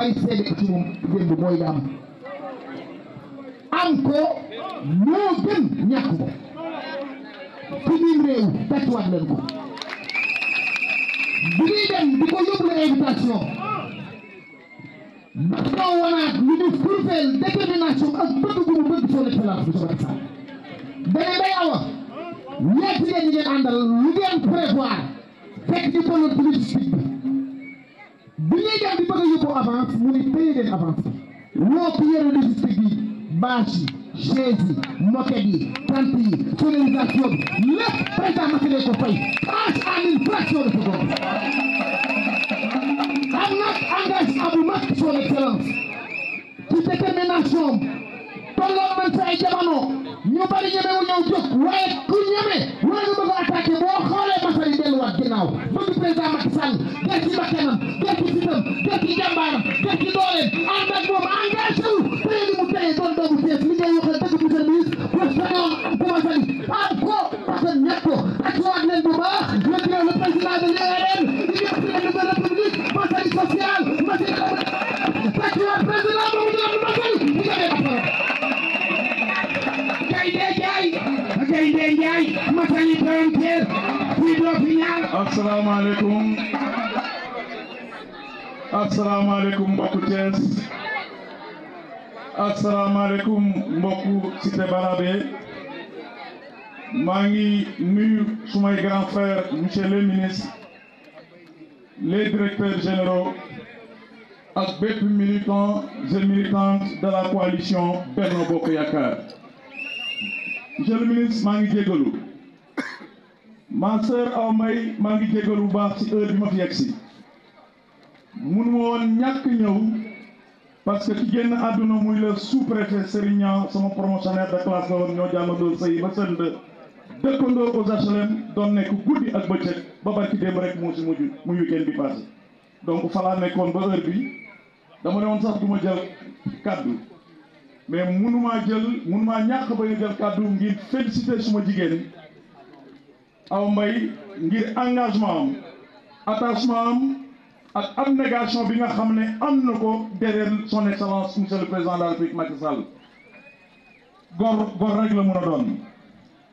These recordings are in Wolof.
bari seede ci moom démb mooy am ko moo gën ñàkk ko ci biir réew tatuwaat leen ko bi ñuy dem di ko yóbbu invitation daf koo wanaat ñu di kurfeel détermination mu bëgg son excellence bi Sokhna Sall dana day awa ñetti ngeen ñi ngeen àndal lu ngeen prévoir fekk ci polo politique bi bu ñuy dem di bëgg a yóbbu avance mu ne paye leen avance woo pierre logistique yi bâche yi chaise yi moquette yi tente yi sonorisation bi lépp président Macky lay ko fay passe en une fraction de seconde am nag engagement bu mag son excellence ci détermination tolloon man sa ay jamono ñu bari ñeme wu ñëw jóg waaye ku ñeme wala nga bëgg a attaqué boo xoolee Massa yi delluwaat ginnaaw bëgg président Macky Sall gerte ba kanam gerte def ci jàmbaaram def ci dooleem ànd ak moom engagé wu téye li mu téye doon doomu Thiès li ngay waxee dëgg monsieur le ministre bu fekkee commencé nañ ànd ko parce que ñett ko ak waat leen bu baax le bureau le président de l'ARN université de la République conseil social monsieur le président moomu ñu am Massaly bu ñu amee ba pare. Gaynde Njaay Gaynde Njaay Massaly Palanteer fii doo fi ñaar. asalaamaaleykum. Assalamu alaikum Thiès asalaamaaleykum alaikum Cité Balabé Mangi grand frère monsieur le ministre les directeurs généraux ak et militantes de la coalition Bernard Bokk yakar monsieur le ministre mangi Monsieur, ma sœur amay mangi maa munu woon ñàkk ñëw parce que ci génn àdduna muy le sous-préfet sama promotionnaire de classe la woon ñoo jàngandoo sëy ba sënd dëkkandoo aux doon nekk guddi ak bëccëg ba barki démb rek moo si mujj muy weekend bi passé donc falaa nekkoon ba heure bi dama ne woon sax du ma jël kaddu mais munumaa jël munumaa ñàkk ba ñu jël kaddu ngir féliciter suma jigéen aw mbay ngir engagement am attachement am ak abnégation bi nga xam ne am na ko derrière son excellence monsieur président la république Macky Sall góor góor la mun a doon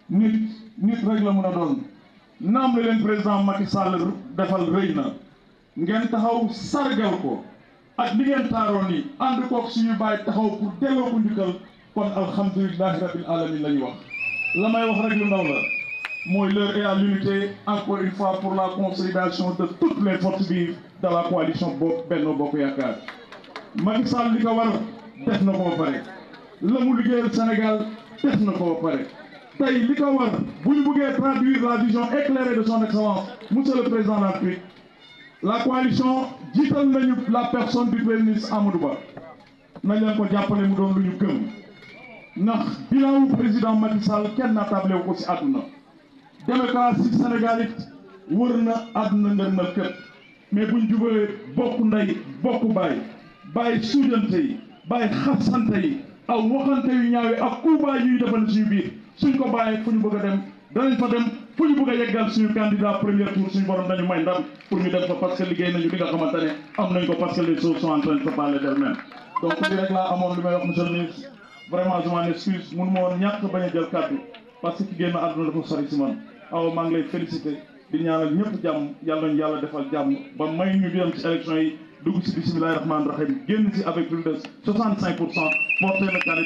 nit nit rek la mun a doon naam la leen président Macky Sall defal rëy na ngeen taxaw sargal ko ak li ngeen taaroo nii ànd kook suñu taxaw pour delloo ko njukkal kon alhamdulilahi rabbil alamin ñu wax la may wax rek lu ndaw la mooy l'heure est à l'unité encore une fois pour la consolidation de toutes les forces vives de la coalition bokk Benno Bokk Yaakaar Macky Sall li war def na ko la Sénégal def na ko ba pare tey li traduire la vision éclairée de son excellence monsieur le président de la République la coalition jiital nañu la personne du premier ministre Amadou Ba nañ leen ko nous mu doon lu gëm ndax bilan wu président Macky Sall kenn na table wu ko ci àdduna démocratie Sénégalite. it wër na àdduna ngën na mais buñ jubalee bokk ndey bokk baay bàyyi suujante yi bàyyi xasante yi ak waxante yu ñaaw yi ak kuubaay ñuy defal suñu biir suñ ko bàyyee fu ñu bëgg a dem danañ fa dem fu ñu bëgg a suñu candidat premier tour suñu borom dañu may ndam pour ñu dem fa parce liggéey nañu li nga am nañ ko parce que les choses sont en train de se parler d'elles-mêmes donc laa amoon li may wax monsieur le ministre vraiment je m'en excuse mënu ma ñàkk bañ jël kàddu parce ngi lay féliciter di ñaanal ñëpp jàmm yàlla ñu defal jàmm ba may ñu dem ci yi dugg ci bismillahi rahmaani rahim génn ci avec plus de 65 pour cent porter